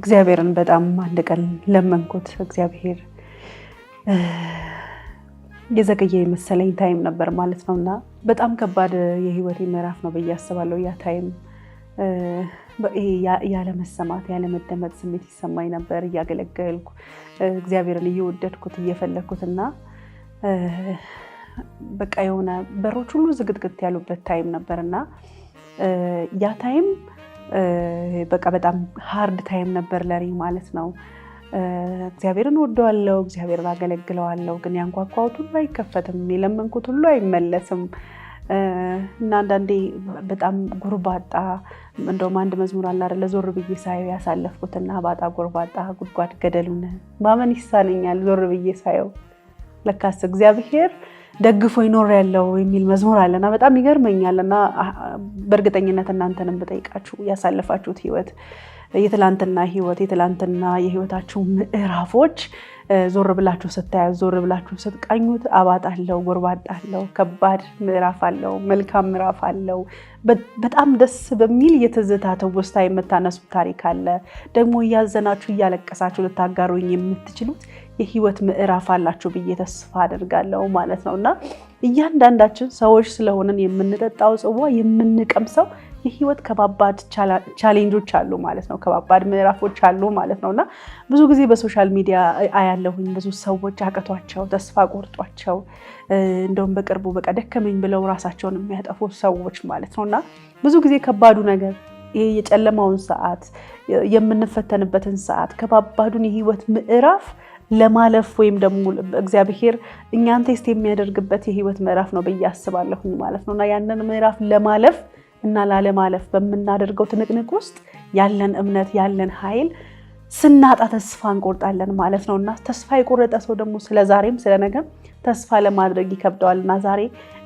እግዚአብሔርን በጣም አንድ ቀን ለመንኩት። እግዚአብሔር የዘገየ የመሰለኝ ታይም ነበር ማለት ነው እና በጣም ከባድ የህይወቴ ምዕራፍ ነው ብዬ አስባለሁ። ያ ታይም ያለመሰማት ያለመደመጥ ስሜት ይሰማኝ ነበር። እያገለገልኩ እግዚአብሔርን እየወደድኩት እየፈለግኩት እና በቃ የሆነ በሮች ሁሉ ዝግጥግት ያሉበት ታይም ነበር እና ያ ታይም በቃ በጣም ሀርድ ታይም ነበር ለኔ ማለት ነው። እግዚአብሔርን ወደዋለው፣ እግዚአብሔርን አገለግለዋለው፣ ግን ያንኳኳሁት ሁሉ አይከፈትም፣ የለመንኩት ሁሉ አይመለስም እና አንዳንዴ በጣም ጉርባጣ እንደውም አንድ መዝሙር አለ አይደለ? ዞር ብዬ ሳየው ያሳለፍኩትና ባጣ ጉርባጣ ጉድጓድ ገደሉን ማመን ይሳነኛል ዞር ብዬ ሳየው ለካስ እግዚአብሔር ደግፎ ይኖር ያለው የሚል መዝሙር አለና በጣም ይገርመኛል። እና በእርግጠኝነት እናንተንም ብጠይቃችሁ ያሳለፋችሁት ህይወት የትላንትና ህይወት የትላንትና የህይወታችሁ ምዕራፎች ዞር ብላችሁ ስታያዝ ዞር ብላችሁ ስትቃኙት አባጥ አለው፣ ጎርባጣ አለው፣ ከባድ ምዕራፍ አለው፣ መልካም ምዕራፍ አለው። በጣም ደስ በሚል የትዝታ ትውስታ የምታነሱት ታሪክ አለ። ደግሞ እያዘናችሁ እያለቀሳችሁ ልታጋሩኝ የምትችሉት የህይወት ምዕራፍ አላችሁ ብዬ ተስፋ አደርጋለሁ ማለት ነው እና እያንዳንዳችን ሰዎች ስለሆንን የምንጠጣው ጽዋ የምንቀምሰው የህይወት ከባባድ ቻሌንጆች አሉ ማለት ነው። ከባባድ ምዕራፎች አሉ ማለት ነው እና ብዙ ጊዜ በሶሻል ሚዲያ አያለሁኝ ብዙ ሰዎች አቅቷቸው ተስፋ ቆርጧቸው እንደውም በቅርቡ በቃ ደከመኝ ብለው ራሳቸውን የሚያጠፉ ሰዎች ማለት ነው እና ብዙ ጊዜ ከባዱ ነገር ይሄ የጨለማውን ሰዓት የምንፈተንበትን ሰዓት ከባባዱን የህይወት ምዕራፍ ለማለፍ ወይም ደግሞ እግዚአብሔር እኛን ቴስት የሚያደርግበት የህይወት ምዕራፍ ነው ብዬ አስባለሁኝ ማለት ነው እና ያንን ምዕራፍ ለማለፍ እና ላለማለፍ በምናደርገው ትንቅንቅ ውስጥ ያለን እምነት ያለን ኃይል ስናጣ ተስፋ እንቆርጣለን ማለት ነው እና ተስፋ የቆረጠ ሰው ደግሞ ስለ ዛሬም ስለ ነገም ተስፋ ለማድረግ ይከብደዋል እና ዛሬ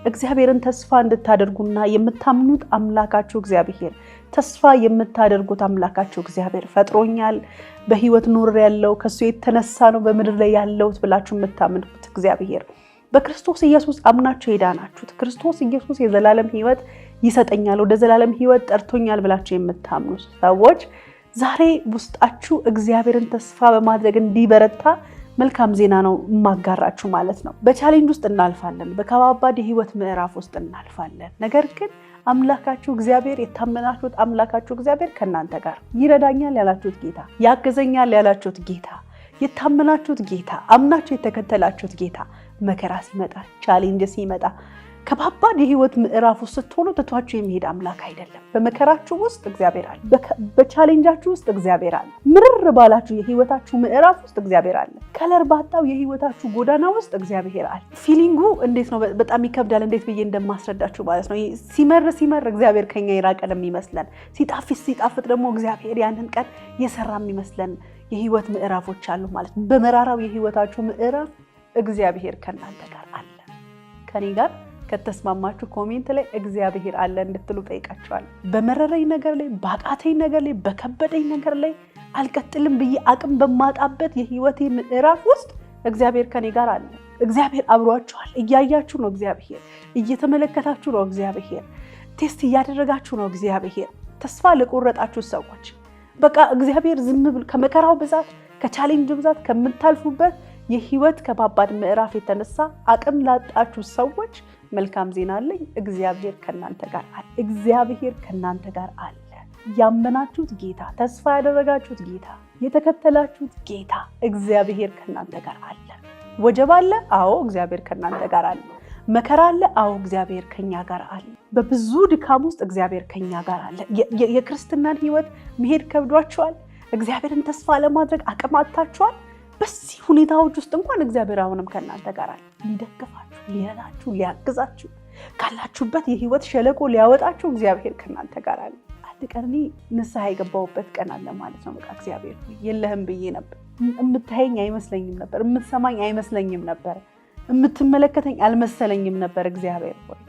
እግዚአብሔርን ተስፋ እንድታደርጉና የምታምኑት አምላካችሁ እግዚአብሔር ተስፋ የምታደርጉት አምላካችሁ እግዚአብሔር ፈጥሮኛል፣ በህይወት ኖር ያለው ከሱ የተነሳ ነው በምድር ላይ ያለውት ብላችሁ የምታምኑት እግዚአብሔር በክርስቶስ ኢየሱስ አምናችሁ የዳናችሁት ክርስቶስ ኢየሱስ የዘላለም ህይወት ይሰጠኛል፣ ወደ ዘላለም ህይወት ጠርቶኛል ብላችሁ የምታምኑ ሰዎች ዛሬ ውስጣችሁ እግዚአብሔርን ተስፋ በማድረግ እንዲበረታ መልካም ዜና ነው የማጋራችሁ ማለት ነው። በቻሌንጅ ውስጥ እናልፋለን፣ በከባባድ የህይወት ምዕራፍ ውስጥ እናልፋለን። ነገር ግን አምላካችሁ እግዚአብሔር የታመናችሁት አምላካችሁ እግዚአብሔር ከእናንተ ጋር ይረዳኛል ያላችሁት ጌታ፣ ያገዘኛል ያላችሁት ጌታ፣ የታመናችሁት ጌታ፣ አምናችሁ የተከተላችሁት ጌታ መከራ ሲመጣ ቻሌንጅ ሲመጣ ከባባድ የህይወት ምዕራፍ ውስጥ ስትሆኑ ትቷችሁ የሚሄድ አምላክ አይደለም። በመከራችሁ ውስጥ እግዚአብሔር አለ። በቻሌንጃችሁ ውስጥ እግዚአብሔር አለ። ምርር ባላችሁ የህይወታችሁ ምዕራፍ ውስጥ እግዚአብሔር አለ። ከለር ባጣው የህይወታችሁ ጎዳና ውስጥ እግዚአብሔር አለ። ፊሊንጉ እንዴት ነው? በጣም ይከብዳል። እንዴት ብዬ እንደማስረዳችሁ ማለት ነው። ሲመር ሲመር እግዚአብሔር ከኛ የራቀን የሚመስለን፣ ሲጣፍጥ ሲጣፍጥ ደግሞ እግዚአብሔር ያንን ቀን የሰራ የሚመስለን የህይወት ምዕራፎች አሉ ማለት ነው። በመራራው የህይወታችሁ ምዕራፍ እግዚአብሔር ከእናንተ ጋር አለ። ከኔ ጋር ከተስማማችሁ ኮሜንት ላይ እግዚአብሔር አለ እንድትሉ ጠይቃቸዋል። በመረረኝ ነገር ላይ፣ በአቃተኝ ነገር ላይ፣ በከበደኝ ነገር ላይ አልቀጥልም ብዬ አቅም በማጣበት የህይወቴ ምዕራፍ ውስጥ እግዚአብሔር ከኔ ጋር አለ። እግዚአብሔር አብሯችኋል። እያያችሁ ነው እግዚአብሔር፣ እየተመለከታችሁ ነው እግዚአብሔር፣ ቴስት እያደረጋችሁ ነው እግዚአብሔር። ተስፋ ለቆረጣችሁ ሰዎች በቃ እግዚአብሔር ዝም ብሎ ከመከራው ብዛት፣ ከቻሌንጅ ብዛት፣ ከምታልፉበት የህይወት ከባባድ ምዕራፍ የተነሳ አቅም ላጣችሁ ሰዎች መልካም ዜና አለኝ። እግዚአብሔር ከእናንተ ጋር አለ። እግዚአብሔር ከእናንተ ጋር አለ። ያመናችሁት ጌታ፣ ተስፋ ያደረጋችሁት ጌታ፣ የተከተላችሁት ጌታ እግዚአብሔር ከእናንተ ጋር አለ። ወጀብ አለ? አዎ፣ እግዚአብሔር ከእናንተ ጋር አለ። መከራ አለ? አዎ፣ እግዚአብሔር ከኛ ጋር አለ። በብዙ ድካም ውስጥ እግዚአብሔር ከኛ ጋር አለ። የክርስትናን ህይወት መሄድ ከብዷችኋል? እግዚአብሔርን ተስፋ ለማድረግ አቅም አጥታችኋል? በዚህ ሁኔታዎች ውስጥ እንኳን እግዚአብሔር አሁንም ከእናንተ ጋር አለ፣ ይደግፋል ሊረዳችሁ ሊያግዛችሁ ካላችሁበት የህይወት ሸለቆ ሊያወጣችሁ እግዚአብሔር ከእናንተ ጋር አለ። አንድ ቀን እኔ ንስሐ የገባሁበት ቀን አለ ማለት ነው። በቃ እግዚአብሔር የለህም ብዬ ነበር። የምታየኝ አይመስለኝም ነበር። የምትሰማኝ አይመስለኝም ነበር። የምትመለከተኝ አልመሰለኝም ነበር። እግዚአብሔር ሆይ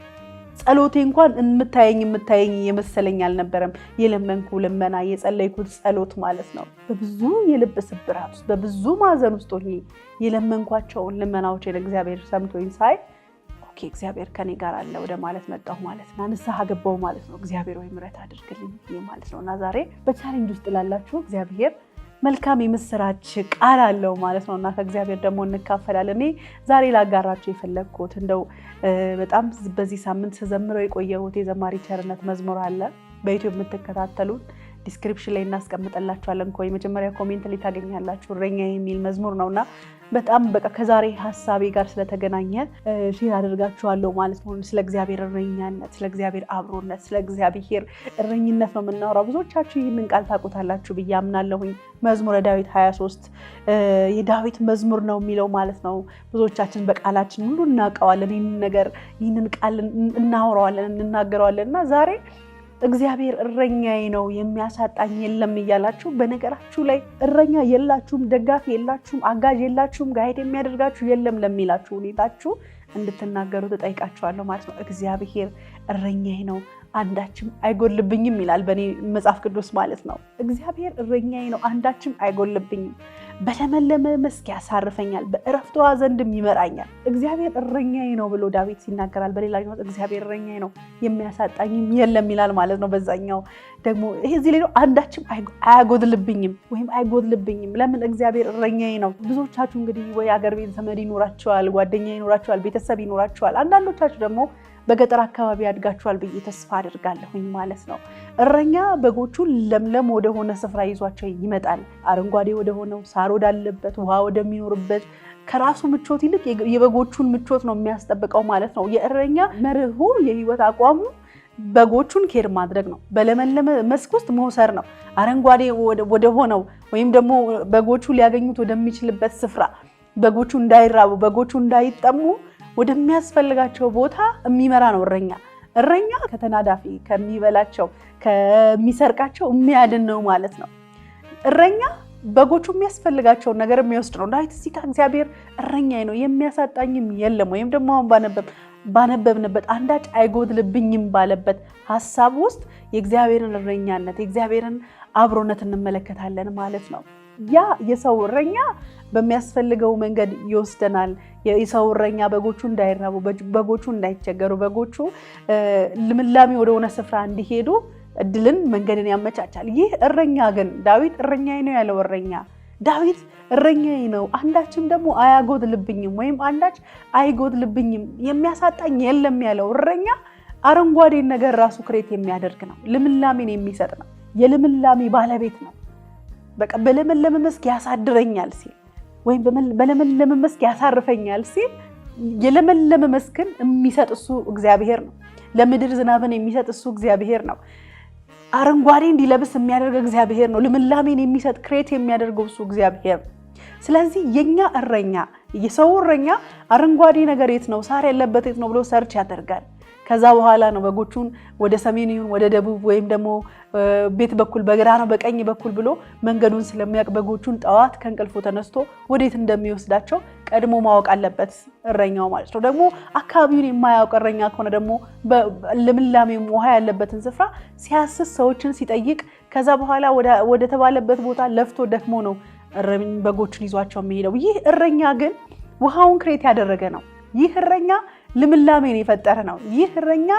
ጸሎቴ እንኳን የምታየኝ የምታየኝ የመሰለኝ አልነበረም። የለመንኩ ልመና የጸለይኩት ጸሎት ማለት ነው። በብዙ የልብ ስብራት ውስጥ በብዙ ማዘን ውስጥ ሆኜ የለመንኳቸውን ልመናዎች ለእግዚአብሔር ሰምቶኝ ሳይ ኦኬ እግዚአብሔር ከኔ ጋር አለ ወደ ማለት መጣሁ ማለት ነው። ንስሐ ገባሁ ማለት ነው። እግዚአብሔር ወይ ምሕረት አድርግልኝ ማለት ነው እና ዛሬ በቻሌንጅ ውስጥ ላላችሁ እግዚአብሔር መልካም የምስራች ቃል አለው ማለት ነው እና ከእግዚአብሔር ደግሞ እንካፈላለን። እኔ ዛሬ ላጋራቸው የፈለግኩት እንደው በጣም በዚህ ሳምንት ስዘምረው የቆየሁት የዘማሪ ቸርነት መዝሙር አለ። በዩቲዩብ የምትከታተሉት ዲስክሪፕሽን ላይ እናስቀምጠላችኋለን። ኮ የመጀመሪያ ኮሜንት ላይ ታገኛላችሁ። እረኛዬ የሚል መዝሙር ነው እና በጣም በቃ ከዛሬ ሀሳቤ ጋር ስለተገናኘ ሼር አድርጋችኋለሁ ማለት ነው። ስለ እግዚአብሔር እረኛነት፣ ስለ እግዚአብሔር አብሮነት፣ ስለ እግዚአብሔር እረኝነት ነው የምናወራው። ብዙዎቻችሁ ይህንን ቃል ታውቁታላችሁ ብዬ አምናለሁኝ። መዝሙረ ዳዊት 23 የዳዊት መዝሙር ነው የሚለው ማለት ነው። ብዙዎቻችን በቃላችን ሁሉ እናውቀዋለን። ይህንን ነገር ይህንን ቃል እናወራዋለን፣ እንናገረዋለን እና ዛሬ እግዚአብሔር እረኛዬ ነው የሚያሳጣኝ የለም እያላችሁ በነገራችሁ ላይ እረኛ የላችሁም፣ ደጋፊ የላችሁም፣ አጋዥ የላችሁም፣ ጋይድ የሚያደርጋችሁ የለም ለሚላችሁ ሁኔታችሁ እንድትናገሩ ትጠይቃችኋለሁ ማለት ነው። እግዚአብሔር እረኛዬ ነው አንዳችም አይጎልብኝም ይላል በእኔ መጽሐፍ ቅዱስ ማለት ነው። እግዚአብሔር እረኛዬ ነው አንዳችም አይጎልብኝም። በለመለመ መስክ ያሳርፈኛል፣ በእረፍቷ ዘንድም ይመራኛል። እግዚአብሔር እረኛዬ ነው ብሎ ዳዊት ይናገራል። በሌላኛው እግዚአብሔር እረኛዬ ነው የሚያሳጣኝም የለም ይላል ማለት ነው። በዛኛው ደግሞ ይሄ እዚህ ላይ አንዳችም አያጎድልብኝም ወይም አይጎድልብኝም። ለምን እግዚአብሔር እረኛዬ ነው። ብዙዎቻችሁ እንግዲህ ወይ አገር ቤት ዘመድ ይኖራቸዋል፣ ጓደኛ ይኖራቸዋል፣ ቤተሰብ ይኖራቸዋል። አንዳንዶቻችሁ ደግሞ በገጠር አካባቢ ያድጋችኋል ብዬ ተስፋ አድርጋለሁኝ ማለት ነው። እረኛ በጎቹን ለምለም ወደሆነ ስፍራ ይዟቸው ይመጣል። አረንጓዴ ወደሆነው ሳር ወዳለበት፣ ውሃ ወደሚኖርበት ከራሱ ምቾት ይልቅ የበጎቹን ምቾት ነው የሚያስጠብቀው ማለት ነው። የእረኛ መርሁ የህይወት አቋሙ በጎቹን ኬር ማድረግ ነው። በለመለመ መስክ ውስጥ መውሰር ነው። አረንጓዴ ወደ ሆነው ወይም ደግሞ በጎቹ ሊያገኙት ወደሚችልበት ስፍራ በጎቹ እንዳይራቡ፣ በጎቹ እንዳይጠሙ ወደሚያስፈልጋቸው ቦታ የሚመራ ነው እረኛ። እረኛ ከተናዳፊ ከሚበላቸው፣ ከሚሰርቃቸው የሚያድን ነው ማለት ነው። እረኛ በጎቹ የሚያስፈልጋቸውን ነገር የሚወስድ ነው። ዳዊት እዚህ ጋር እግዚአብሔር እረኛዬ ነው የሚያሳጣኝም የለም ወይም ደግሞ አሁን ባነበብ ባነበብንበት አንዳች አይጎድልብኝም ባለበት ሀሳብ ውስጥ የእግዚአብሔርን እረኛነት የእግዚአብሔርን አብሮነት እንመለከታለን ማለት ነው። ያ የሰው እረኛ በሚያስፈልገው መንገድ ይወስደናል። የሰው እረኛ በጎቹ እንዳይራቡ፣ በጎቹ እንዳይቸገሩ፣ በጎቹ ልምላሜ ወደሆነ ስፍራ እንዲሄዱ እድልን መንገድን ያመቻቻል። ይህ እረኛ ግን ዳዊት እረኛዬ ነው ያለው እረኛ ዳዊት እረኛዬ ነው፣ አንዳችም ደግሞ አያጎድልብኝም ወይም አንዳች አይጎድልብኝም የሚያሳጣኝ የለም ያለው እረኛ አረንጓዴን ነገር ራሱ ክሬት የሚያደርግ ነው። ልምላሜን የሚሰጥ ነው። የልምላሜ ባለቤት ነው። በቃ በለመለመ መስክ ያሳድረኛል ሲል ወይም በለመለመ መስክ ያሳርፈኛል ሲል የለመለመ መስክን የሚሰጥ እሱ እግዚአብሔር ነው። ለምድር ዝናብን የሚሰጥ እሱ እግዚአብሔር ነው። አረንጓዴ እንዲለብስ የሚያደርግ እግዚአብሔር ነው። ልምላሜን የሚሰጥ ክሬት የሚያደርገው እሱ እግዚአብሔር ነው። ስለዚህ የኛ እረኛ የሰው እረኛ አረንጓዴ ነገር የት ነው፣ ሳር ያለበት የት ነው ብሎ ሰርች ያደርጋል። ከዛ በኋላ ነው በጎቹን ወደ ሰሜን ይሁን ወደ ደቡብ ወይም ደግሞ ቤት በኩል በግራ ነው በቀኝ በኩል ብሎ መንገዱን ስለሚያውቅ በጎቹን ጠዋት ከእንቅልፉ ተነስቶ ወዴት እንደሚወስዳቸው ቀድሞ ማወቅ አለበት እረኛው ማለት ነው። ደግሞ አካባቢውን የማያውቅ እረኛ ከሆነ ደግሞ ልምላሜም ውሃ ያለበትን ስፍራ ሲያስስ፣ ሰዎችን ሲጠይቅ ከዛ በኋላ ወደ ተባለበት ቦታ ለፍቶ ደክሞ ነው በጎቹን ይዟቸው የሚሄደው። ይህ እረኛ ግን ውሃውን ክሬት ያደረገ ነው። ይህ እረኛ ልምላሜን የፈጠረ ነው። ይህ እረኛ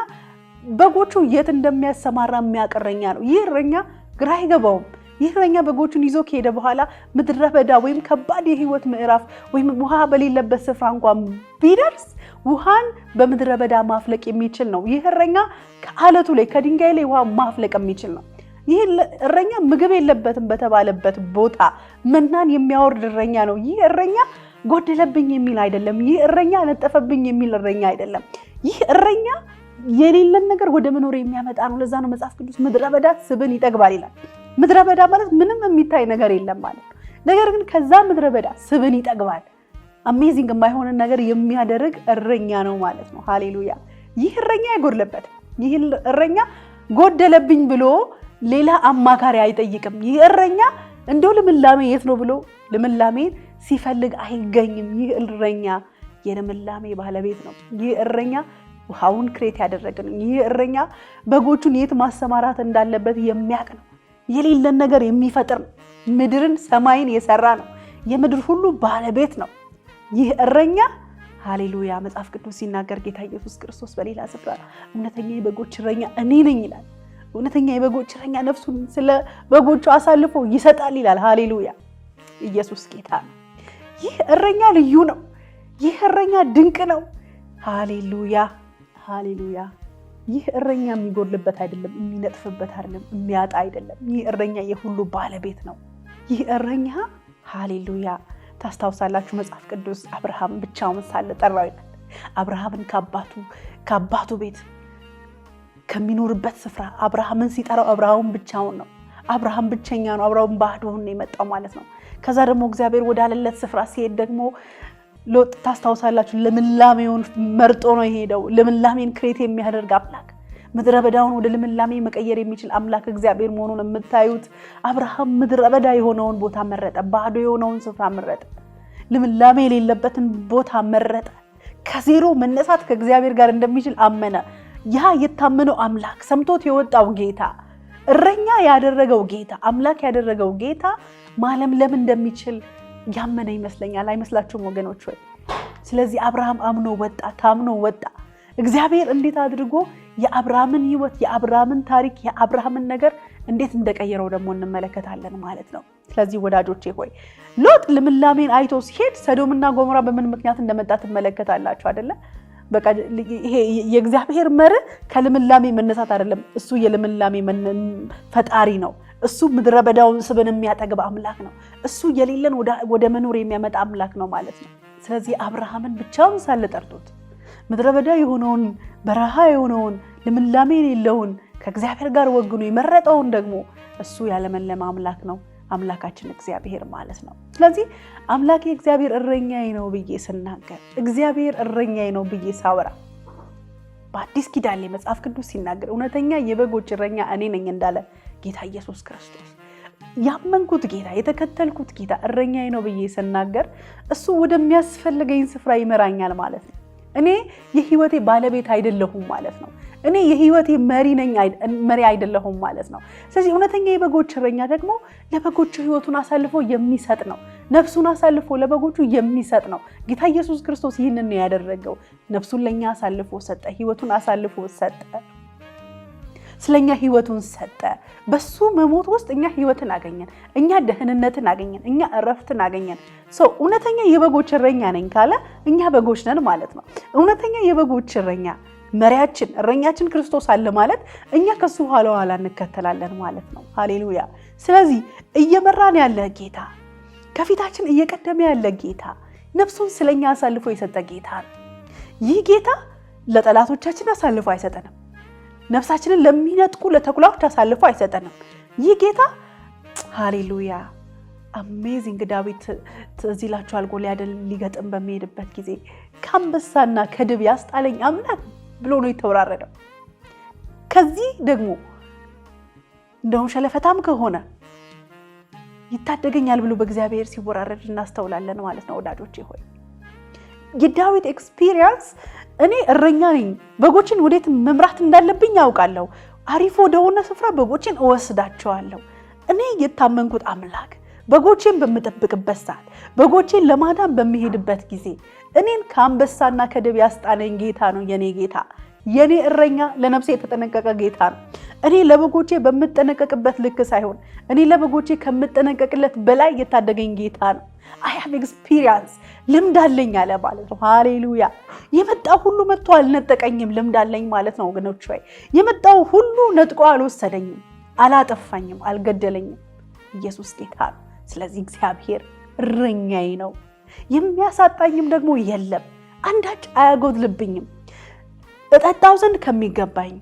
በጎቹ የት እንደሚያሰማራ የሚያቀረኛ ነው። ይህ እረኛ ግራ አይገባውም። ይህ እረኛ በጎቹን ይዞ ከሄደ በኋላ ምድረ በዳ ወይም ከባድ የህይወት ምዕራፍ ወይም ውሃ በሌለበት ስፍራ እንኳን ቢደርስ ውሃን በምድረ በዳ ማፍለቅ የሚችል ነው። ይህ እረኛ ከአለቱ ላይ ከድንጋይ ላይ ውሃ ማፍለቅ የሚችል ነው። ይህ እረኛ ምግብ የለበትም በተባለበት ቦታ መናን የሚያወርድ እረኛ ነው። ይህ እረኛ ጎደለብኝ የሚል አይደለም። ይህ እረኛ ለጠፈብኝ የሚል እረኛ አይደለም። ይህ እረኛ የሌለን ነገር ወደ መኖር የሚያመጣ ነው። ለዛ ነው መጽሐፍ ቅዱስ ምድረ በዳ ስብን ይጠግባል ይላል። ምድረ በዳ ማለት ምንም የሚታይ ነገር የለም ማለት ነው። ነገር ግን ከዛ ምድረ በዳ ስብን ይጠግባል። አሜዚንግ የማይሆንን ነገር የሚያደርግ እረኛ ነው ማለት ነው። ሃሌሉያ! ይህ እረኛ አይጎድለበት። ይህ እረኛ ጎደለብኝ ብሎ ሌላ አማካሪ አይጠይቅም። ይህ እረኛ እንደው ልምላሜ የት ነው ብሎ ልምላሜን ሲፈልግ አይገኝም። ይህ እረኛ የልምላሜ ባለቤት ነው። ይህ እረኛ ውሃውን ክሬት ያደረገ ነው። ይህ እረኛ በጎቹን የት ማሰማራት እንዳለበት የሚያውቅ ነው። የሌለን ነገር የሚፈጥር ነው። ምድርን ሰማይን የሰራ ነው። የምድር ሁሉ ባለቤት ነው። ይህ እረኛ ሃሌሉያ። መጽሐፍ ቅዱስ ሲናገር ጌታ ኢየሱስ ክርስቶስ በሌላ ስፍራ እውነተኛ የበጎች እረኛ እኔ ነኝ ይላል። እውነተኛ የበጎች እረኛ ነፍሱን ስለ በጎቹ አሳልፎ ይሰጣል ይላል። ሃሌሉያ። ኢየሱስ ጌታ ነው። ይህ እረኛ ልዩ ነው። ይህ እረኛ ድንቅ ነው። ሃሌሉያ ሃሌሉያ። ይህ እረኛ የሚጎልበት አይደለም፣ የሚነጥፍበት አይደለም፣ የሚያጣ አይደለም። ይህ እረኛ የሁሉ ባለቤት ነው። ይህ እረኛ ሃሌሉያ። ታስታውሳላችሁ መጽሐፍ ቅዱስ አብርሃም ብቻውን ሳለ ጠራው ይላል። አብርሃምን ከአባቱ ከአባቱ ቤት ከሚኖርበት ስፍራ አብርሃምን ሲጠራው አብርሃም ብቻውን ነው። አብርሃም ብቸኛ ነው። አብርሃም ባዶውን ነው የመጣው ማለት ነው። ከዛ ደግሞ እግዚአብሔር ወዳለለት ስፍራ ሲሄድ ደግሞ ሎጥ ታስታውሳላችሁ፣ ልምላሜውን መርጦ ነው የሄደው። ልምላሜን ክሬት የሚያደርግ አምላክ፣ ምድረ በዳውን ወደ ልምላሜ መቀየር የሚችል አምላክ እግዚአብሔር መሆኑን የምታዩት አብርሃም ምድረ በዳ የሆነውን ቦታ መረጠ። ባዶ የሆነውን ስፍራ መረጠ። ልምላሜ የሌለበትን ቦታ መረጠ። ከዜሮ መነሳት ከእግዚአብሔር ጋር እንደሚችል አመነ። ያ የታመነው አምላክ ሰምቶት የወጣው ጌታ እረኛ ያደረገው ጌታ አምላክ ያደረገው ጌታ ማለምለም እንደሚችል ያመነ ይመስለኛል። አይመስላችሁም ወገኖች ወይ? ስለዚህ አብርሃም አምኖ ወጣ፣ ታምኖ ወጣ። እግዚአብሔር እንዴት አድርጎ የአብርሃምን ህይወት የአብርሃምን ታሪክ የአብርሃምን ነገር እንዴት እንደቀየረው ደግሞ እንመለከታለን ማለት ነው። ስለዚህ ወዳጆቼ ሆይ ሎጥ ልምላሜን አይቶ ሲሄድ ሰዶምና ጎሞራ በምን ምክንያት እንደመጣ ትመለከታላችሁ አይደለም? በቃ ይሄ የእግዚአብሔር መርህ ከልምላሜ መነሳት አይደለም። እሱ የልምላሜ ፈጣሪ ነው። እሱ ምድረ በዳውን ስብን የሚያጠግብ አምላክ ነው። እሱ የሌለን ወደ መኖር የሚያመጣ አምላክ ነው ማለት ነው። ስለዚህ አብርሃምን ብቻውን ሳለ ጠርቶት ምድረ በዳ የሆነውን በረሃ የሆነውን ልምላሜ የሌለውን ከእግዚአብሔር ጋር ወግኖ የመረጠውን ደግሞ እሱ ያለመለመ አምላክ ነው። አምላካችን እግዚአብሔር ማለት ነው። ስለዚህ አምላኬ እግዚአብሔር እረኛዬ ነው ብዬ ስናገር፣ እግዚአብሔር እረኛዬ ነው ብዬ ሳወራ በአዲስ ኪዳን ላይ መጽሐፍ ቅዱስ ሲናገር እውነተኛ የበጎች እረኛ እኔ ነኝ እንዳለ ጌታ ኢየሱስ ክርስቶስ ያመንኩት ጌታ የተከተልኩት ጌታ እረኛዬ ነው ብዬ ስናገር እሱ ወደሚያስፈልገኝ ስፍራ ይመራኛል ማለት ነው። እኔ የህይወቴ ባለቤት አይደለሁም ማለት ነው። እኔ የህይወቴ መሪ ነኝ መሪ አይደለሁም ማለት ነው። ስለዚህ እውነተኛ የበጎች እረኛ ደግሞ ለበጎቹ ህይወቱን አሳልፎ የሚሰጥ ነው። ነፍሱን አሳልፎ ለበጎቹ የሚሰጥ ነው። ጌታ ኢየሱስ ክርስቶስ ይህንን ነው ያደረገው። ነፍሱን ለእኛ አሳልፎ ሰጠ። ህይወቱን አሳልፎ ሰጠ። ስለኛ ህይወቱን ሰጠ። በሱ መሞት ውስጥ እኛ ህይወትን አገኘን፣ እኛ ደህንነትን አገኘን፣ እኛ እረፍትን አገኘን። ሰው እውነተኛ የበጎች እረኛ ነኝ ካለ እኛ በጎች ነን ማለት ነው። እውነተኛ የበጎች እረኛ መሪያችን እረኛችን ክርስቶስ አለ ማለት እኛ ከሱ ኋላ ኋላ እንከተላለን ማለት ነው። ሃሌሉያ። ስለዚህ እየመራን ያለ ጌታ፣ ከፊታችን እየቀደመ ያለ ጌታ፣ ነፍሱን ስለኛ አሳልፎ የሰጠ ጌታ ነው። ይህ ጌታ ለጠላቶቻችን አሳልፎ አይሰጠንም። ነፍሳችንን ለሚነጥቁ ለተኩላዎች አሳልፎ አይሰጠንም። ይህ ጌታ ሃሌሉያ አሜዚንግ ዳዊት ትዝ ይላችኋል። ጎልያድን ሊገጥም በሚሄድበት ጊዜ ከአንበሳና ከድብ ያስጣለኝ አምላክ ብሎ ነው የተወራረደው። ከዚህ ደግሞ እንደውም ሸለፈታም ከሆነ ይታደገኛል ብሎ በእግዚአብሔር ሲወራረድ እናስተውላለን ማለት ነው። ወዳጆቼ ሆይ የዳዊት ኤክስፒሪየንስ እኔ እረኛ ነኝ፣ በጎችን ወዴት መምራት እንዳለብኝ ያውቃለሁ፣ አሪፍ ወደሆነ ስፍራ በጎችን እወስዳቸዋለሁ። እኔ የታመንኩት አምላክ በጎቼን በምጠብቅበት ሰዓት፣ በጎቼን ለማዳን በሚሄድበት ጊዜ እኔን ከአንበሳና ከድብ ያስጣለኝ ጌታ ነው የኔ ጌታ። የኔ እረኛ ለነፍሴ የተጠነቀቀ ጌታ ነው። እኔ ለበጎቼ በምጠነቀቅበት ልክ ሳይሆን እኔ ለበጎቼ ከምጠነቀቅለት በላይ የታደገኝ ጌታ ነው። አይ ሃቭ ኤክስፒሪየንስ ልምድ አለኝ አለ ማለት ነው። ሃሌሉያ! የመጣው ሁሉ መጥቶ አልነጠቀኝም። ልምድ አለኝ ማለት ነው ወገኖች። ወይ የመጣው ሁሉ ነጥቆ አልወሰደኝም፣ አላጠፋኝም፣ አልገደለኝም። ኢየሱስ ጌታ ነው። ስለዚህ እግዚአብሔር እረኛዬ ነው። የሚያሳጣኝም ደግሞ የለም፣ አንዳች አያጎድልብኝም። እጠጣው ዘንድ ከሚገባኝ፣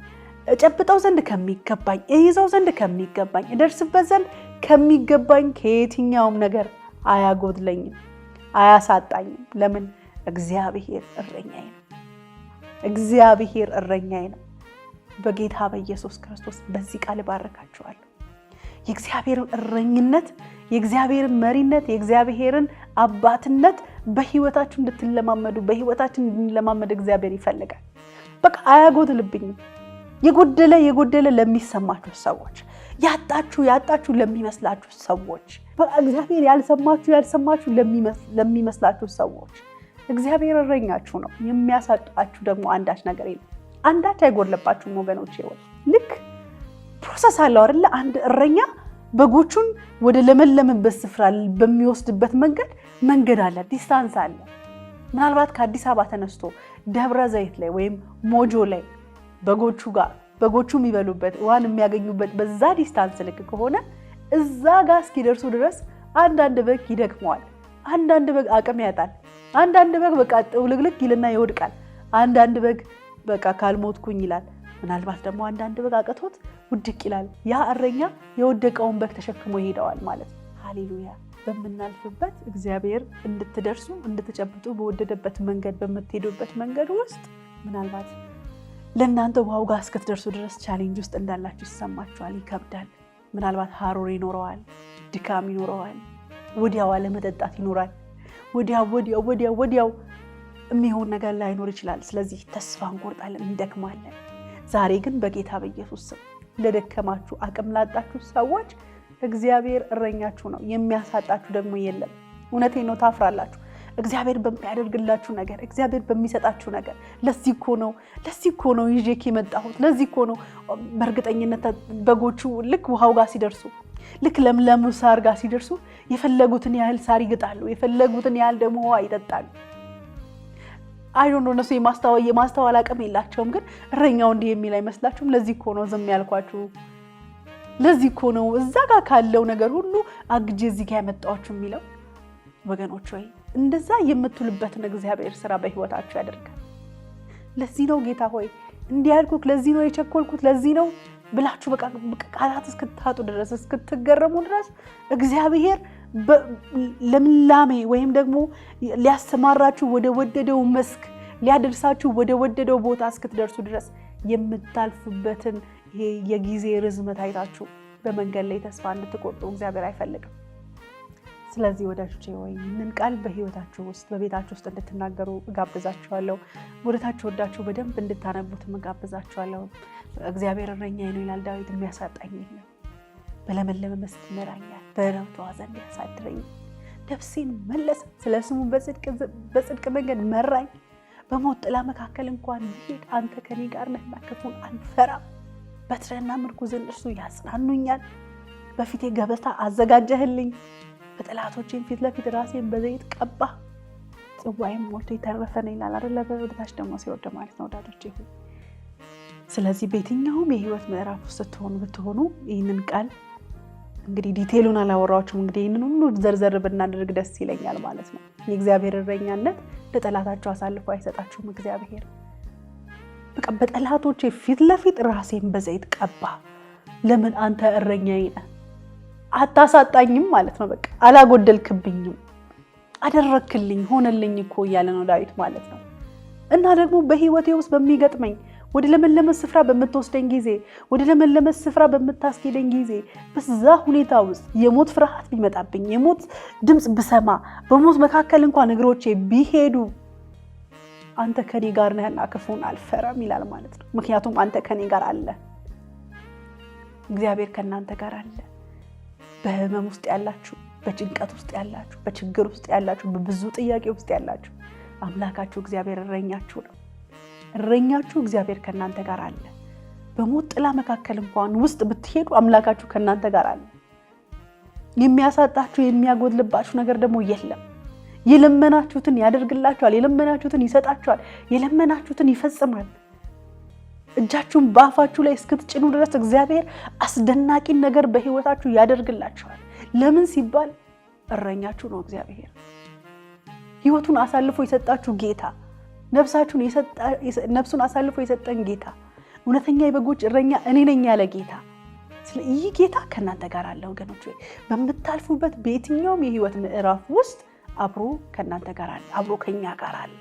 እጨብጠው ዘንድ ከሚገባኝ፣ እይዘው ዘንድ ከሚገባኝ፣ እደርስበት ዘንድ ከሚገባኝ ከየትኛውም ነገር አያጎድለኝም፣ አያሳጣኝም። ለምን? እግዚአብሔር እረኛዬ ነው። እግዚአብሔር እረኛዬ ነው። በጌታ በኢየሱስ ክርስቶስ በዚህ ቃል ባረካችኋለሁ። የእግዚአብሔርን እረኝነት፣ የእግዚአብሔርን መሪነት፣ የእግዚአብሔርን አባትነት በህይወታችሁ እንድትለማመዱ በህይወታችን እንድንለማመድ እግዚአብሔር ይፈልጋል። በቃ አያጎድልብኝም። የጎደለ የጎደለ ለሚሰማችሁ ሰዎች፣ ያጣችሁ ያጣችሁ ለሚመስላችሁ ሰዎች፣ እግዚአብሔር ያልሰማችሁ ያልሰማችሁ ለሚመስላችሁ ሰዎች እግዚአብሔር እረኛችሁ ነው። የሚያሳጣችሁ ደግሞ አንዳች ነገር የለም። አንዳች አይጎድለባችሁም ወገኖች። ይወ ልክ ፕሮሰስ አለው አይደለ? አንድ እረኛ በጎቹን ወደ ለመለመበት ስፍራ በሚወስድበት መንገድ መንገድ አለ፣ ዲስታንስ አለ። ምናልባት ከአዲስ አበባ ተነስቶ ደብረ ዘይት ላይ ወይም ሞጆ ላይ በጎቹ ጋር በጎቹ የሚበሉበት ዋን የሚያገኙበት በዛ ዲስታንስ ልክ ከሆነ እዛ ጋር እስኪደርሱ ድረስ አንዳንድ በግ ይደክመዋል፣ አንዳንድ በግ አቅም ያጣል፣ አንዳንድ በግ በቃ ጥውልግልግ ይልና ይወድቃል፣ አንዳንድ በግ በቃ ካልሞትኩኝ ይላል። ምናልባት ደግሞ አንዳንድ በግ አቅቶት ውድቅ ይላል። ያ እረኛ የወደቀውን በግ ተሸክሞ ይሄደዋል ማለት ነው። ሃሌሉያ በምናልፍበት እግዚአብሔር እንድትደርሱ እንድትጨብጡ በወደደበት መንገድ በምትሄዱበት መንገድ ውስጥ ምናልባት ለእናንተ ዋው ጋር እስክትደርሱ ድረስ ቻሌንጅ ውስጥ እንዳላችሁ ይሰማችኋል። ይከብዳል። ምናልባት ሀሮር ይኖረዋል፣ ድካም ይኖረዋል፣ ወዲያው አለመጠጣት ይኖራል። ወዲያው ወዲያው ወዲያው ወዲያው የሚሆን ነገር ላይኖር ይችላል። ስለዚህ ተስፋ እንቆርጣለን፣ እንደክማለን። ዛሬ ግን በጌታ በኢየሱስ ስም ለደከማችሁ አቅም ላጣችሁ ሰዎች እግዚአብሔር እረኛችሁ ነው፣ የሚያሳጣችሁ ደግሞ የለም። እውነቴ ነው፣ ታፍራላችሁ። እግዚአብሔር በሚያደርግላችሁ ነገር፣ እግዚአብሔር በሚሰጣችሁ ነገር ለዚህ እኮ ነው ለዚህ እኮ ነው ይዤ የመጣሁት ለዚህ እኮ ነው። በእርግጠኝነት በጎቹ ልክ ውሃው ጋር ሲደርሱ ልክ ለምለሙ ሳር ጋር ሲደርሱ የፈለጉትን ያህል ሳር ይግጣሉ፣ የፈለጉትን ያህል ደግሞ ውሃ ይጠጣሉ። አይዶ እነሱ የማስተዋል አቅም የላቸውም። ግን እረኛው እንዲህ የሚል አይመስላችሁም? ለዚህ እኮ ነው ዝም ያልኳችሁ ለዚህ እኮ ነው እዛ ጋር ካለው ነገር ሁሉ አግጄ እዚህ ጋር ያመጣኋችሁ የሚለው። ወገኖች ወይ እንደዛ የምትሉበትን እግዚአብሔር ስራ በህይወታችሁ ያደርጋል። ለዚህ ነው ጌታ ሆይ እንዲያልኩት፣ ለዚህ ነው የቸኮልኩት፣ ለዚህ ነው ብላችሁ በቃ ቃላት እስክታጡ ድረስ እስክትገረሙ ድረስ እግዚአብሔር ለምላሜ ወይም ደግሞ ሊያሰማራችሁ ወደ ወደደው መስክ ሊያደርሳችሁ ወደ ወደደው ቦታ እስክትደርሱ ድረስ የምታልፉበትን ይሄ የጊዜ ርዝመት አይታችሁ በመንገድ ላይ ተስፋ እንድትቆርጡ እግዚአብሔር አይፈልግም። ስለዚህ ወዳጆቼ ወይ ይህንን ቃል በህይወታችሁ ውስጥ በቤታችሁ ውስጥ እንድትናገሩ እጋብዛችኋለሁ። ወደታችሁ ወዳችሁ በደንብ እንድታነቡትም እጋብዛችኋለሁ። እግዚአብሔር እረኛዬ ነው ይላል ዳዊት፣ የሚያሳጣኝ የለም። በለመለመ መስክ ይመራኛል፣ በዕረፍቱ ውኃ ዘንድ ያሳድረኝ። ነፍሴን መለሰ፣ ስለ ስሙ በጽድቅ መንገድ መራኝ። በሞት ጥላ መካከል እንኳን ብሄድ አንተ ከኔ ጋር ነህና ክፉን አልፈራም። በትረና ምርኩዝን እርሱ ያጽናኑኛል። በፊቴ ገበታ አዘጋጀህልኝ፣ በጠላቶቼም ፊት ለፊት ራሴን በዘይት ቀባ፣ ጽዋይም ሞልቶ የተረፈ ነው ይላል አይደለ? በታች ደግሞ ሲወርድ ማለት ነው ወዳጆች። ስለዚህ በየትኛውም የህይወት ምዕራፍ ውስጥ ስትሆኑ ብትሆኑ ይህንን ቃል እንግዲህ ዲቴሉን አላወራችሁም። እንግዲህ ይህንን ሁሉ ዘርዘር ብናደርግ ደስ ይለኛል ማለት ነው። የእግዚአብሔር እረኛነት ለጠላታቸው አሳልፎ አይሰጣችሁም እግዚአብሔር በቃ በጠላቶቼ ፊት ለፊት ራሴን በዘይት ቀባ። ለምን አንተ እረኛዬ ነህ፣ አታሳጣኝም ማለት ነው። በቃ አላጎደልክብኝም፣ አደረክልኝ፣ ሆነልኝ እኮ እያለ ነው ዳዊት ማለት ነው። እና ደግሞ በህይወቴ ውስጥ በሚገጥመኝ ወደ ለመለመ ስፍራ በምትወስደኝ ጊዜ፣ ወደ ለመለመ ስፍራ በምታስኬደኝ ጊዜ፣ በዛ ሁኔታ ውስጥ የሞት ፍርሃት ቢመጣብኝ፣ የሞት ድምፅ ብሰማ፣ በሞት መካከል እንኳን እግሮቼ ቢሄዱ አንተ ከኔ ጋር ነህና ክፉን አልፈረም ይላል ማለት ነው። ምክንያቱም አንተ ከኔ ጋር አለ፣ እግዚአብሔር ከእናንተ ጋር አለ። በህመም ውስጥ ያላችሁ፣ በጭንቀት ውስጥ ያላችሁ፣ በችግር ውስጥ ያላችሁ፣ በብዙ ጥያቄ ውስጥ ያላችሁ አምላካችሁ እግዚአብሔር እረኛችሁ ነው። እረኛችሁ እግዚአብሔር ከእናንተ ጋር አለ። በሞት ጥላ መካከል እንኳን ውስጥ ብትሄዱ አምላካችሁ ከእናንተ ጋር አለ። የሚያሳጣችሁ የሚያጎድልባችሁ ነገር ደግሞ የለም። የለመናችሁትን ያደርግላችኋል፣ የለመናችሁትን ይሰጣችኋል፣ የለመናችሁትን ይፈጽማል። እጃችሁን በአፋችሁ ላይ እስክትጭኑ ድረስ እግዚአብሔር አስደናቂ ነገር በህይወታችሁ ያደርግላችኋል። ለምን ሲባል እረኛችሁ ነው እግዚአብሔር። ህይወቱን አሳልፎ የሰጣችሁ ጌታ፣ ነፍሱን አሳልፎ የሰጠን ጌታ፣ እውነተኛ የበጎች እረኛ እኔ ነኝ ያለ ጌታ። ይህ ጌታ ከእናንተ ጋር አለ ወገኖች። በምታልፉበት በየትኛውም የህይወት ምዕራፍ ውስጥ አብሮ ከእናንተ ጋር አለ፣ አብሮ ከኛ ጋር አለ።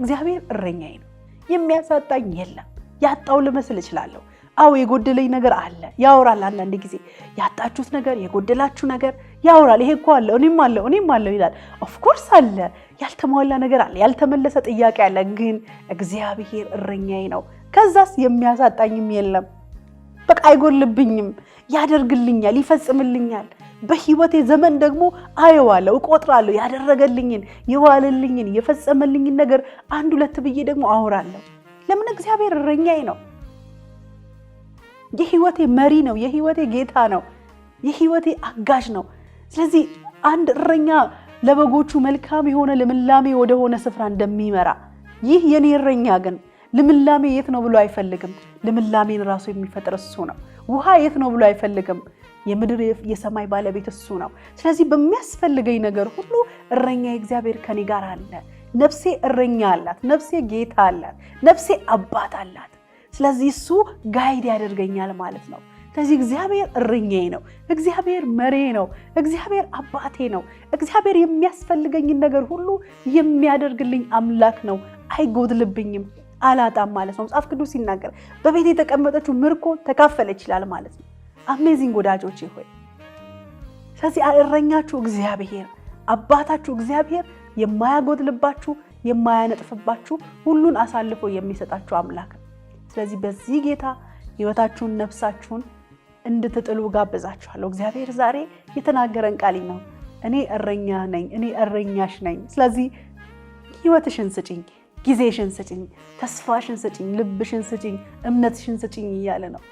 እግዚአብሔር እረኛዬ ነው፣ የሚያሳጣኝ የለም። ያጣው ልመስል እችላለሁ። አዎ የጎደለኝ ነገር አለ፣ ያወራል። አንዳንድ ጊዜ ያጣችሁት ነገር፣ የጎደላችሁ ነገር ያወራል። ይሄ እኮ አለው፣ እኔም አለው፣ እኔም አለው ይላል። ኦፍኮርስ አለ፣ ያልተሟላ ነገር አለ፣ ያልተመለሰ ጥያቄ አለ። ግን እግዚአብሔር እረኛዬ ነው፣ ከዛስ የሚያሳጣኝም የለም። በቃ አይጎልብኝም፣ ያደርግልኛል፣ ይፈጽምልኛል በህይወቴ ዘመን ደግሞ አየዋለሁ፣ እቆጥራለሁ። ያደረገልኝን፣ የዋለልኝን፣ የፈጸመልኝን ነገር አንድ ሁለት ብዬ ደግሞ አወራለሁ። ለምን? እግዚአብሔር እረኛዬ ነው። የህይወቴ መሪ ነው። የህይወቴ ጌታ ነው። የህይወቴ አጋዥ ነው። ስለዚህ አንድ እረኛ ለበጎቹ መልካም የሆነ ልምላሜ ወደሆነ ስፍራ እንደሚመራ ይህ የኔ እረኛ ግን ልምላሜ የት ነው ብሎ አይፈልግም። ልምላሜን ራሱ የሚፈጥር እሱ ነው። ውሃ የት ነው ብሎ አይፈልግም። የምድር የሰማይ ባለቤት እሱ ነው። ስለዚህ በሚያስፈልገኝ ነገር ሁሉ እረኛ እግዚአብሔር ከኔ ጋር አለ። ነፍሴ እረኛ አላት። ነፍሴ ጌታ አላት። ነፍሴ አባት አላት። ስለዚህ እሱ ጋይድ ያደርገኛል ማለት ነው። ስለዚህ እግዚአብሔር እረኛዬ ነው። እግዚአብሔር መሬ ነው። እግዚአብሔር አባቴ ነው። እግዚአብሔር የሚያስፈልገኝን ነገር ሁሉ የሚያደርግልኝ አምላክ ነው። አይጎድልብኝም፣ አላጣም ማለት ነው። መጽሐፍ ቅዱስ ሲናገር በቤት የተቀመጠችው ምርኮ ተካፈለ ይችላል ማለት ነው። አሜዚንግ ወዳጆች ሆይ ስለዚህ እረኛችሁ እግዚአብሔር አባታችሁ እግዚአብሔር የማያጎድልባችሁ የማያነጥፍባችሁ ሁሉን አሳልፎ የሚሰጣችሁ አምላክ ነው። ስለዚህ በዚህ ጌታ ህይወታችሁን ነፍሳችሁን እንድትጥሉ ጋብዛችኋለሁ። እግዚአብሔር ዛሬ የተናገረን ቃል ነው። እኔ እረኛ ነኝ፣ እኔ እረኛሽ ነኝ። ስለዚህ ህይወትሽን ስጭኝ፣ ጊዜሽን ስጭኝ፣ ተስፋሽን ስጭኝ፣ ልብሽን ስጭኝ፣ እምነትሽን ስጭኝ እያለ ነው።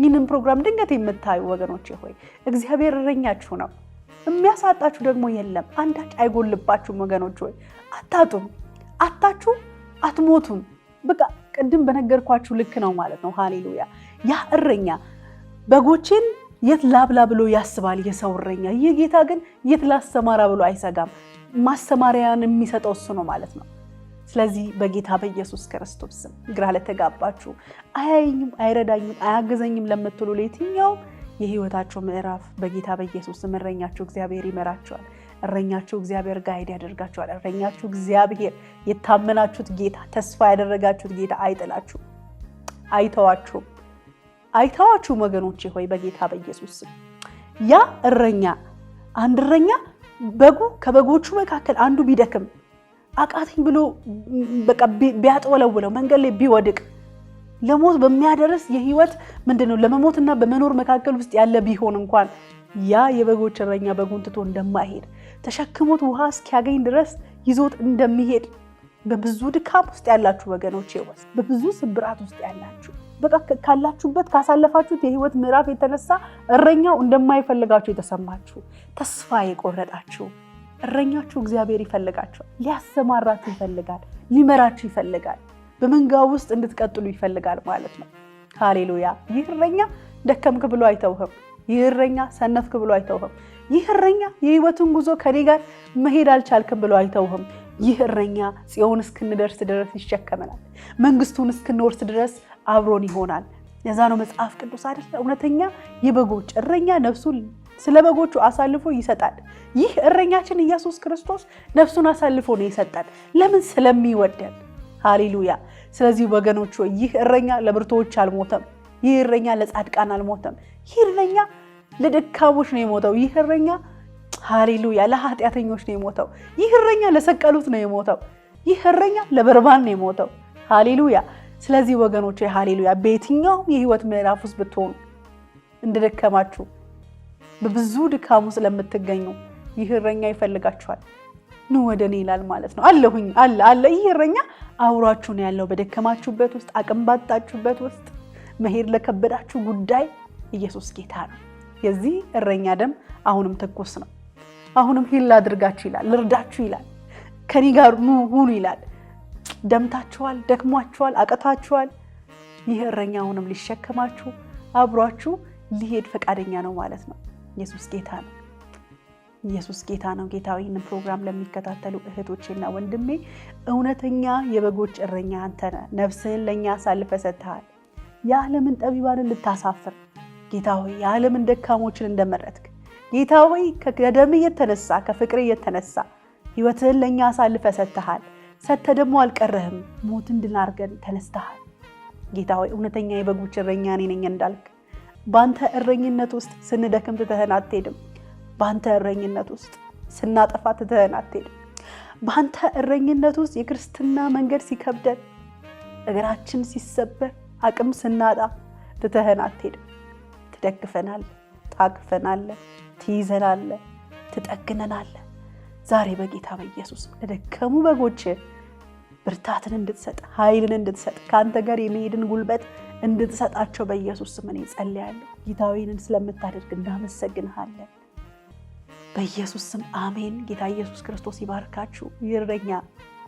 ይህንን ፕሮግራም ድንገት የምታዩ ወገኖች ሆይ እግዚአብሔር እረኛችሁ ነው፣ የሚያሳጣችሁ ደግሞ የለም። አንዳች አይጎልባችሁም። ወገኖች ሆይ አታጡም፣ አታችሁ አትሞቱም። በቃ ቅድም በነገርኳችሁ ልክ ነው ማለት ነው። ሃሌሉያ! ያ እረኛ በጎችን የት ላብላ ብሎ ያስባል የሰው እረኛ። ይህ ጌታ ግን የት ላሰማራ ብሎ አይሰጋም። ማሰማሪያን የሚሰጠው እሱ ነው ማለት ነው። ስለዚህ በጌታ በኢየሱስ ክርስቶስ ስም ግራ ለተጋባችሁ፣ አያይኝም፣ አይረዳኝም፣ አያግዘኝም ለምትሉ ለየትኛው የህይወታቸው ምዕራፍ በጌታ በኢየሱስ ስም እረኛችሁ እግዚአብሔር ይመራቸዋል። እረኛችሁ እግዚአብሔር ጋይድ ያደርጋቸዋል። እረኛችሁ እግዚአብሔር፣ የታመናችሁት ጌታ፣ ተስፋ ያደረጋችሁት ጌታ አይጥላችሁ፣ አይተዋችሁም፣ አይተዋችሁም። ወገኖቼ ሆይ በጌታ በኢየሱስ ስም ያ እረኛ አንድ እረኛ በጉ ከበጎቹ መካከል አንዱ ቢደክም አቃተኝ ብሎ በቃ ቢያጠወለውለው መንገድ ላይ ቢወድቅ ለሞት በሚያደርስ የህይወት ምንድን ነው ለመሞትና በመኖር መካከል ውስጥ ያለ ቢሆን እንኳን ያ የበጎች እረኛ በጉን ትቶ እንደማይሄድ ተሸክሞት ውሃ እስኪያገኝ ድረስ ይዞት እንደሚሄድ በብዙ ድካም ውስጥ ያላችሁ ወገኖች ህይወት በብዙ ስብራት ውስጥ ያላችሁ በቃ ካላችሁበት ካሳለፋችሁት የህይወት ምዕራፍ የተነሳ እረኛው እንደማይፈልጋችሁ የተሰማችሁ ተስፋ የቆረጣችሁ እረኛችሁ እግዚአብሔር ይፈልጋችኋል። ሊያሰማራችሁ ይፈልጋል። ሊመራችሁ ይፈልጋል። በመንጋው ውስጥ እንድትቀጥሉ ይፈልጋል ማለት ነው። ሃሌሉያ! ይህ እረኛ ደከምክ ብሎ አይተውህም። ይህ እረኛ ሰነፍክ ብሎ አይተውህም። ይህ እረኛ የህይወቱን ጉዞ ከኔ ጋር መሄድ አልቻልክም ብሎ አይተውህም። ይህ እረኛ ጽዮን እስክንደርስ ድረስ ይሸከመናል። መንግስቱን እስክንወርስ ድረስ አብሮን ይሆናል። የዛ ነው መጽሐፍ ቅዱስ አይደለ እውነተኛ የበጎች እረኛ ነፍሱን ስለ በጎቹ አሳልፎ ይሰጣል። ይህ እረኛችን ኢየሱስ ክርስቶስ ነፍሱን አሳልፎ ነው ይሰጣል። ለምን? ስለሚወደን። ሃሌሉያ። ስለዚህ ወገኖቹ ይህ እረኛ ለብርቶች አልሞተም። ይህ እረኛ ለጻድቃን አልሞተም። ይህ እረኛ ለደካሞች ነው የሞተው። ይህ እረኛ ሃሌሉያ ለኃጢአተኞች ነው የሞተው። ይህ እረኛ ለሰቀሉት ነው የሞተው። ይህ እረኛ ለበርባን ነው የሞተው። ሃሌሉያ። ስለዚህ ወገኖች ሃሌሉያ በየትኛውም የህይወት ምዕራፍ ውስጥ ብትሆኑ እንደደከማችሁ በብዙ ውስጥ ለምትገኙ ይህ እረኛ ይፈልጋችኋል፣ ኑ ወደ እኔ ይላል ማለት ነው። አለሁኝ አለ አለ። ይህ እረኛ አብሯችሁ ነው ያለው። በደከማችሁበት ውስጥ፣ አቅም ባጣችሁበት ውስጥ፣ መሄድ ለከበዳችሁ ጉዳይ ኢየሱስ ጌታ ነው። የዚህ እረኛ ደም አሁንም ትኩስ ነው። አሁንም ሂል አድርጋችሁ ይላል፣ ልርዳችሁ ይላል፣ ከኔ ጋር ሁኑ ይላል። ደምታችኋል፣ ደክሟችኋል፣ አቅታችኋል። ይህ እረኛ አሁንም ሊሸከማችሁ አብሯችሁ ሊሄድ ፈቃደኛ ነው ማለት ነው። ኢየሱስ ጌታ ነው። ኢየሱስ ጌታ ነው። ጌታ ይህንን ፕሮግራም ለሚከታተሉ እህቶቼና ወንድሜ እውነተኛ የበጎች እረኛ አንተ ነህ። ነፍስህን ለእኛ አሳልፈ ሰጥተሃል። የዓለምን ጠቢባንን ልታሳፍር ጌታ ሆይ የዓለምን ደካሞችን እንደመረጥክ ጌታ ሆይ ከደም እየተነሳ ከፍቅር እየተነሳ ህይወትህን ለእኛ አሳልፈ ሰጥተሃል። ሰተ ደግሞ አልቀረህም። ሞት እንድናርገን ተነስተሃል። ጌታ ሆይ እውነተኛ የበጎች እረኛ እኔ ነኝ እንዳልክ በአንተ እረኝነት ውስጥ ስንደክም ትተህን አትሄድም። በአንተ እረኝነት ውስጥ ስናጠፋ ትተህን አትሄድም። በአንተ እረኝነት ውስጥ የክርስትና መንገድ ሲከብደን፣ እግራችን ሲሰበር፣ አቅም ስናጣ ትተህን አትሄድም። ትደግፈናለህ፣ ታቅፈናለህ፣ ትይዘናለ፣ ትጠግነናለ። ዛሬ በጌታ በኢየሱስ ለደከሙ በጎች ብርታትን እንድትሰጥ ኃይልን እንድትሰጥ ከአንተ ጋር የሚሄድን ጉልበት እንድትሰጣቸው በኢየሱስ ስም እኔ ጸልያለሁ። ጌታዊንን ስለምታደርግ እናመሰግንሃለን። በኢየሱስ ስም አሜን። ጌታ ኢየሱስ ክርስቶስ ይባርካችሁ። ይረኛ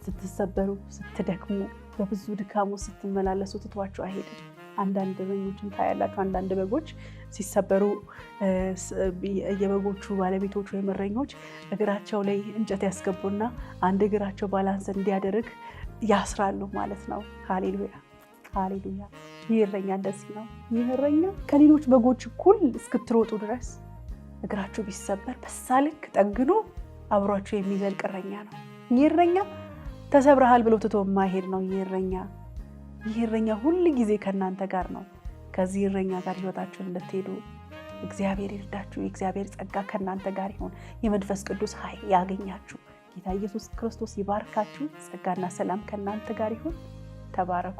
ስትሰበሩ፣ ስትደክሙ፣ በብዙ ድካሙ ስትመላለሱ ትቷችሁ አይሄድም። አንዳንድ በጎችን ታያላችሁ። አንዳንድ በጎች ሲሰበሩ የበጎቹ ባለቤቶች ወይም እረኞች እግራቸው ላይ እንጨት ያስገቡና አንድ እግራቸው ባላንስ እንዲያደርግ ያስራሉ ማለት ነው። ሃሌሉያ ሃሌሉያ። ይህ እረኛ እንደዚህ ነው። ይህ እረኛ ከሌሎች በጎች እኩል እስክትሮጡ ድረስ እግራችሁ ቢሰበር በሳ ልክ ጠግኖ አብሯችሁ የሚዘልቅ እረኛ ነው። ይህ እረኛ ተሰብረሃል ብሎ ትቶ ማሄድ ነው። ይህ እረኛ ይህ እረኛ ሁል ጊዜ ከእናንተ ጋር ነው። ከዚህ እረኛ ጋር ህይወታችሁን እንድትሄዱ እግዚአብሔር ይርዳችሁ። የእግዚአብሔር ጸጋ ከእናንተ ጋር ይሆን። የመንፈስ ቅዱስ ኃይል ያገኛችሁ። ጌታ ኢየሱስ ክርስቶስ ይባርካችሁ። ጸጋና ሰላም ከእናንተ ጋር ይሆን። ተባረኩ።